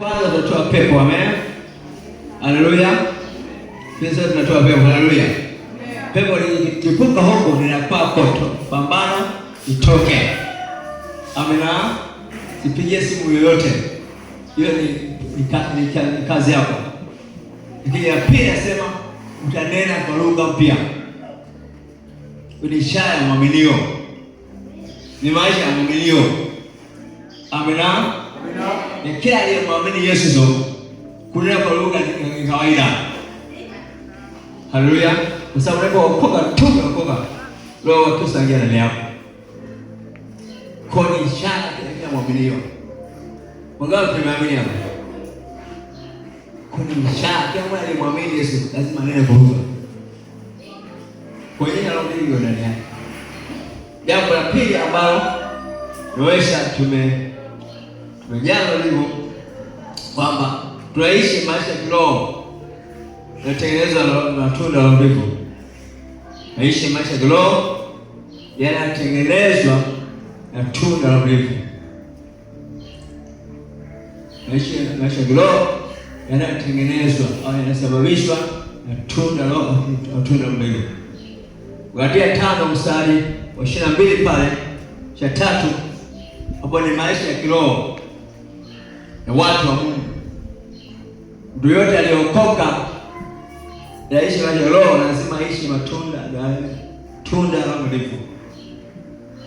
Kwanza tunatoa pepo, amen. Haleluya. Pesa tunatoa pepo, haleluya. Pepo likipuka huko linakuwa koto. Pambana itoke. Amina. Ah? Sipigie simu yoyote. Hiyo ni, ni, ni kazi yako. Lakini ya pili nasema utanena kwa lugha mpya. Ni ishara ya mwaminio. Ni maisha ya mwaminio. Amina. Ah? Amina. Ah na kila aliyemwamini Yesu kunena kwa lugha ni kawaida. Haleluya! Kwa sababu unapookoka tu unaokoka, Roho wa Kristo anaingia ndani yako, kwa ni ishara kila mwaminio. Wangapi tumeamini hapa? Kuna ishara kila mmoja aliyemwamini Yesu lazima anene kwa lugha, kwa jina la Mungu ndani yake. Jambo la pili ambalo Loesha tume vijana hivyo kwamba tunaishi maisha kiroho natengeneza matunda la mbingu, naishi maisha kiroho yanatengenezwa na tunda la mbingu, naishi maisha kiroho yanatengenezwa au yanasababishwa na tunda la mbingu. Galatia tano mstari wa ishirini na mbili pale cha tatu hapo ni maisha ya kiroho ni watu wa Mungu. Mtu yote aliyokoka aishi maisha roho, lazima aishi matunda tunda la Mungu.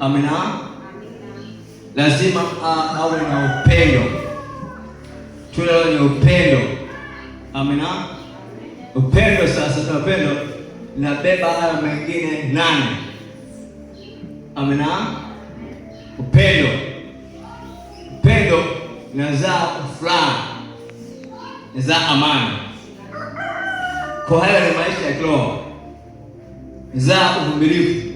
Amina, lazima awe na upendo. Tunda ni upendo. Amina, upendo. Sasa tunapendo nabeba haya mengine nane. Amina, upendo, upendo inazaa furaha, inazaa amani. Kwa hayo ni maisha ya kiroho, inazaa uvumilivu.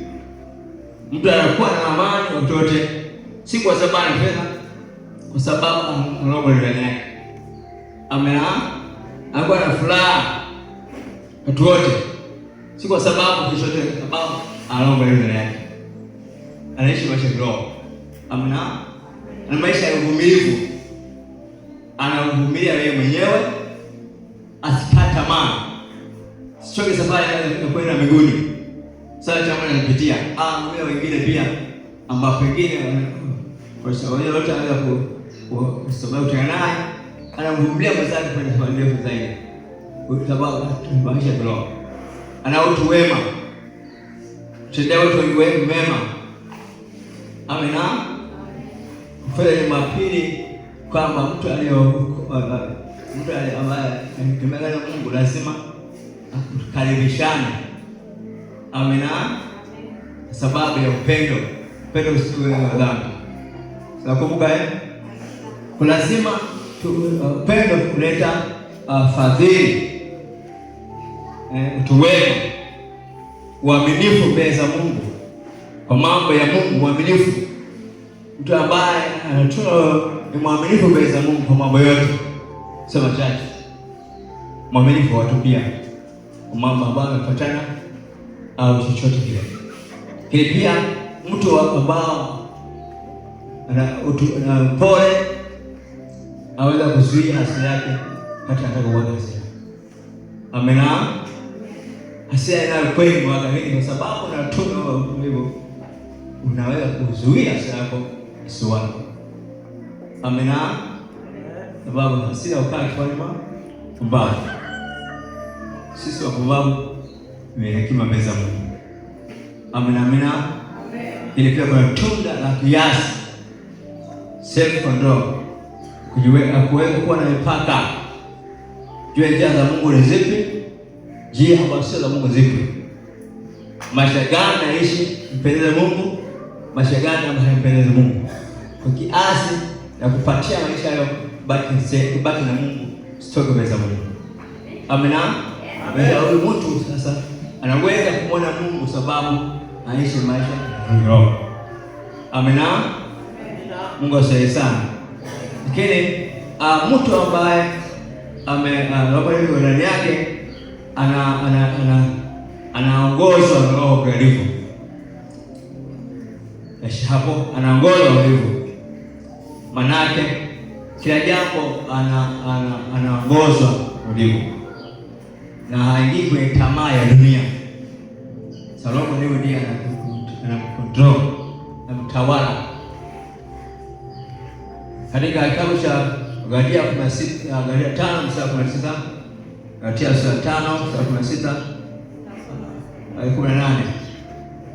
Mtu anakuwa na amani wotote, si kwa sababu ana fedha, kwa sababu roho ndani yake amena, ah? anakuwa na furaha watu wote, si kwa sababu kishote, kwa sababu ana roho ndani yake, anaishi maisha ya kiroho amna, ah? ana maisha ya uvumilivu anamvumilia yeye mwenyewe, asikata tamaa, sichoke safari ya kwenda mbinguni. Sasa chama anapitia ah, wale wengine pia ambao wengine washauri wote anaweza ku kwa sababu tena naye anamvumilia mwenzake kwenye safari ndefu zaidi, kwa sababu tunabaisha kiroho, ana watu wema, tendea watu wema. Amina. Kwa mapili kwamba mtu aliyeokoka, eh, eh, mtu ambaye anatembea na Mungu lazima akaribishane. Amina, sababu ya upendo, upendo usiwe na dhambi. Nakumbuka eh, lazima eh, upendo kuleta fadhili, mtu wema, uaminifu mbele za Mungu, kwa mambo ya Mungu, uaminifu, mtu ambaye anatoa ni mwaminifu mbele za Mungu kwa mambo yote, Sema chache. Mwaminifu kwa watu pia, mambo ambayo amefuatana au chochote kile. Kile pia mtu ambao na pole aweza kuzuia hasira yake hata hasira. Amena hasira ina kweli mwaga hivi, kwa sababu na tunu hivyo unaweza kuzuia hasira yako isiwako Amina. Sababu hasira ukali kufanya mabaya. Sisi wakubabu ni hekima meza za Mungu. Amina, amina. Ili pia kuna tunda la kiasi. Self control. Kujiweka kuweka kuwa na mipaka. Jua njia za Mungu ni zipi? Jia sio za Mungu zipi? Maisha gani naishi mpendeze Mungu? Maisha gani ambayo mpendeze Mungu? Kwa kiasi na kupatia maisha hayo, baki na Mungu, mbele za Mungu. Amina, amina. Huyu mtu sasa anaweza kumwona Mungu sababu anaishi maisha ya roho. Amina, Mungu asaidie sana. Lakini uh, mtu ambaye ame roho uh, ameroho ndani yake ana ana ana anaongozwa na Roho kwa hivyo, hapo anaongozwa hivyo manake kila jambo anaongozwa ana, ana na haingii kwenye tamaa ya dunia. Salomo leo ndiye anamkontrol na mtawala. Katika kitabu cha Galatia sita ah, tano mstari kumi na sita Galatia sura tano mstari kumi na sita kumi na nane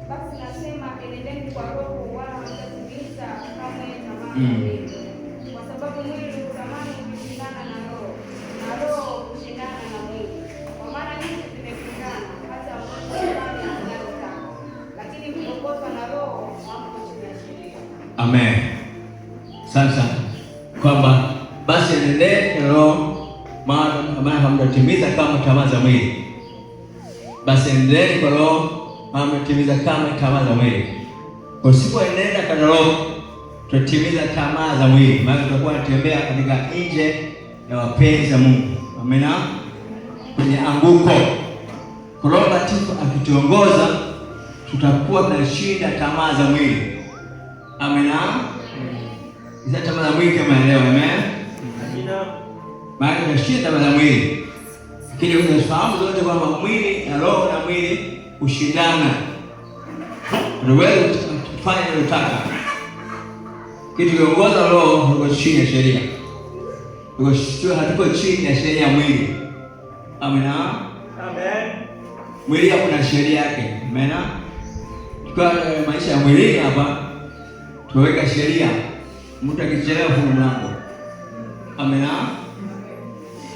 basi nasema enendeni kwa roho wala kamwe tamaa mm. Amen. Sasa kwamba basi enende roho maana hamjatimiza kama tamaa za mwili, basi endeni kwa roho hamjatimiza kama tamaa za mwili. Usipoenenda kwa roho tutimiza tamaa za mwili, maana tutakuwa tunatembea katika nje ya wapenzi wa Mungu. Amen. Kwenye anguko Roho Mtakatifu akituongoza tutakuwa shida tamaa za mwili. Amina. Hizo tamaa za mwili kama leo, amen. Amina. Maana tunashinda tamaa za mwili. Lakini unafahamu zote kwamba mwili na roho na mwili ushindana. Unaweza kufanya unayotaka. Kitu kiongoza roho uko chini ya sheria. Uko hatuko chini ya sheria ya mwili. Amina. Amen. Mwili hakuna sheria yake. Amina. Kwa eh, maisha ya mwili hapa Tumeweka sheria, mtu akichelewa funga mlango. Amena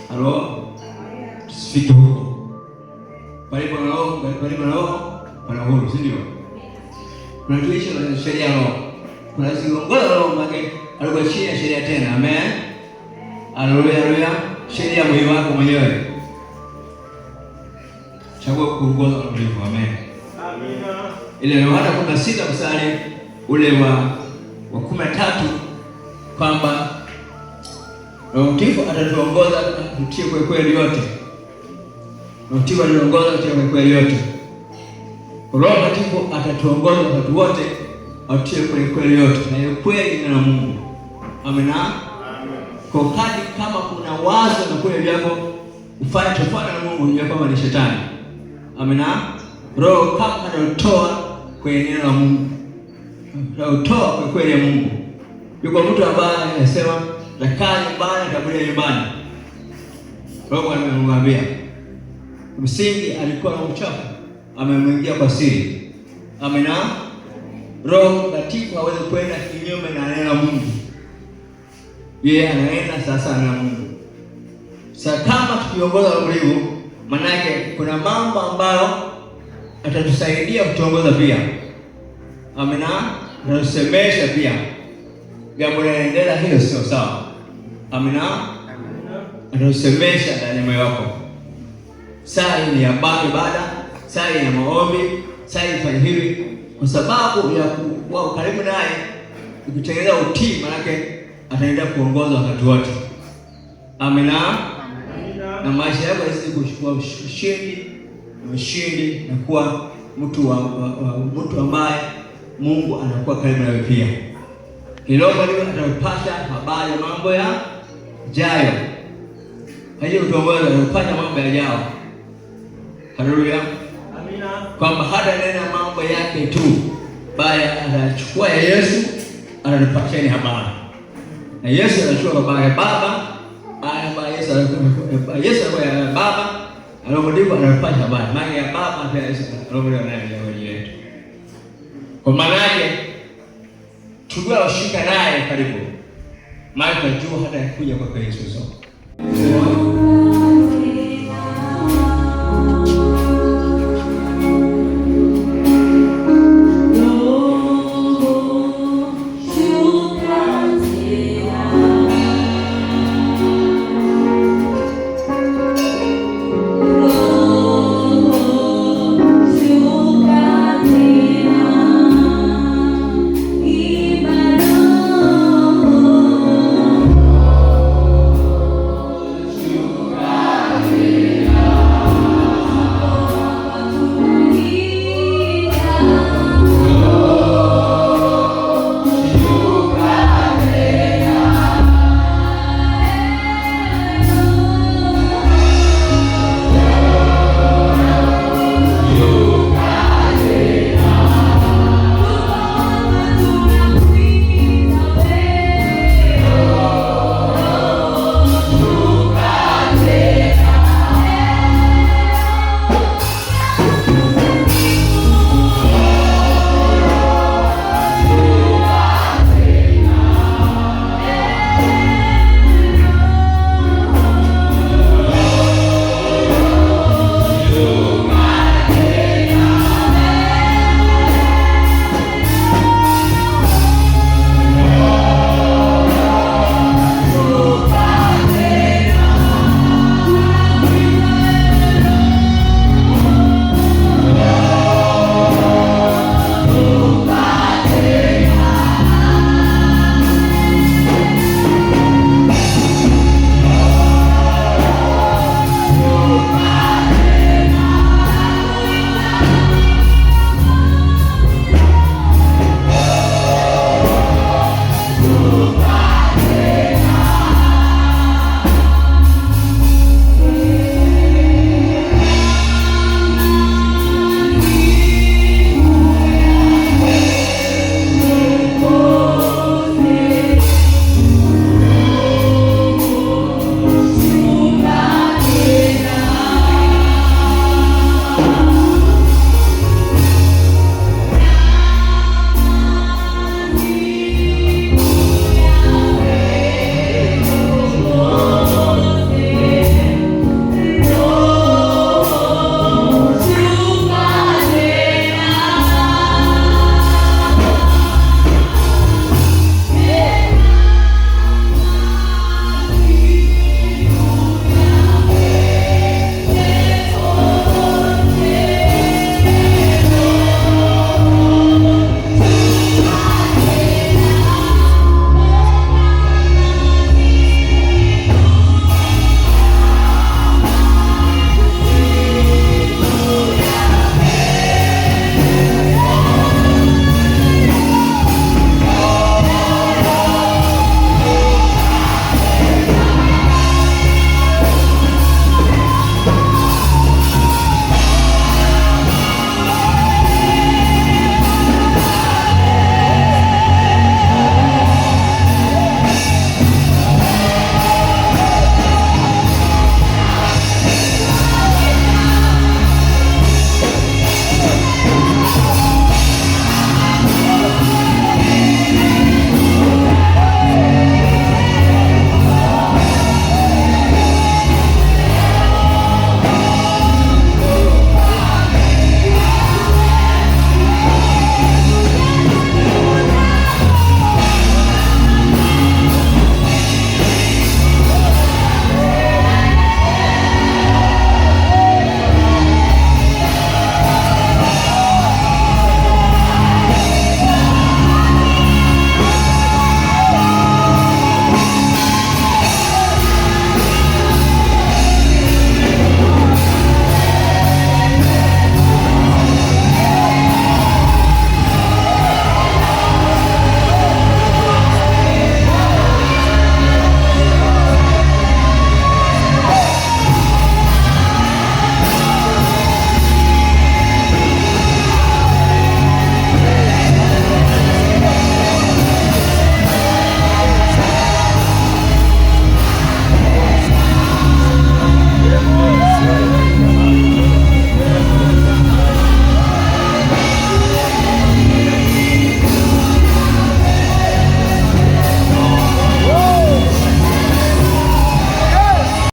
halo, tusifike huko. Palipo na roho, palipo na roho pana huru, si ndio? Kuna tuisha na sheria roho, kuna ziongoza roho make alikuwa chini ya sheria tena. Amen, aleluya, aleluya. Sheria mwili wako mwenyewe, chagua kuongoza na mwili wako. Amen, amina. Ile kuna sita msali ule wa wa kumi na tatu kwamba Roho Mtakatifu atatuongoza kutia kwa kweli yote. Roho Mtakatifu atatuongoza kutia kwa kweli yote. Roho Mtakatifu atatuongoza watu wote atie kwa kweli yote, na kweli ni na Mungu. Amina. Kwa kadi kama kuna wazo na kweli yako ufanye tofauti na Mungu, unajua kama ni shetani. Amina. Roho kama anatoa kwenye neno la Mungu utoa kwa kweli ya Mungu. Yuko mtu ambaye anasema takaa nyumbani, takuja nyumbani. Roho anamwambia msingi, alikuwa na uchafu, amemwingia kwa siri. Amina, Roho Mtakatifu hawezi kwenda kinyume na neno la Mungu. Yeye anaenda sasa na Mungu. Sasa kama tukiongoza ulimwengu, manake kuna mambo ambayo atatusaidia kutongoza pia. Amina unasemesha pia jambo linaendelea, hilo sio sawa. Amina, unasemesha ndani moyo wako. Saa hii ni habari baada, saa hii ya maombi, saa hii fanya hivi, kwa sababu ya kuwa karibu naye, ukitengeneza utii, manake ataendelea kuongoza wakati wote. Amina, na maisha yako yazidi kuchukua ushindi na ushindi na kuwa mtu ambaye Mungu anakuwa karibu nawe pia. Kiroho ndivyo atakupasha habari ya mambo ya jayo, ajiutongoza atakupasha mambo ya jayo. Haleluya, amina. Kwamba hata nena mambo yake tu, baya anachukua ya Yesu, ananipatia ni habari na Yesu anachukua habari ya Baba. Yesu anakuwa ya Baba, Roho anapata habari, maana ya Baba pia Yesu, Roho ndiye anayeelewa yetu kwa maana yake tujua washika naye karibu, maana tunajua hata yakuja kwa Yesu.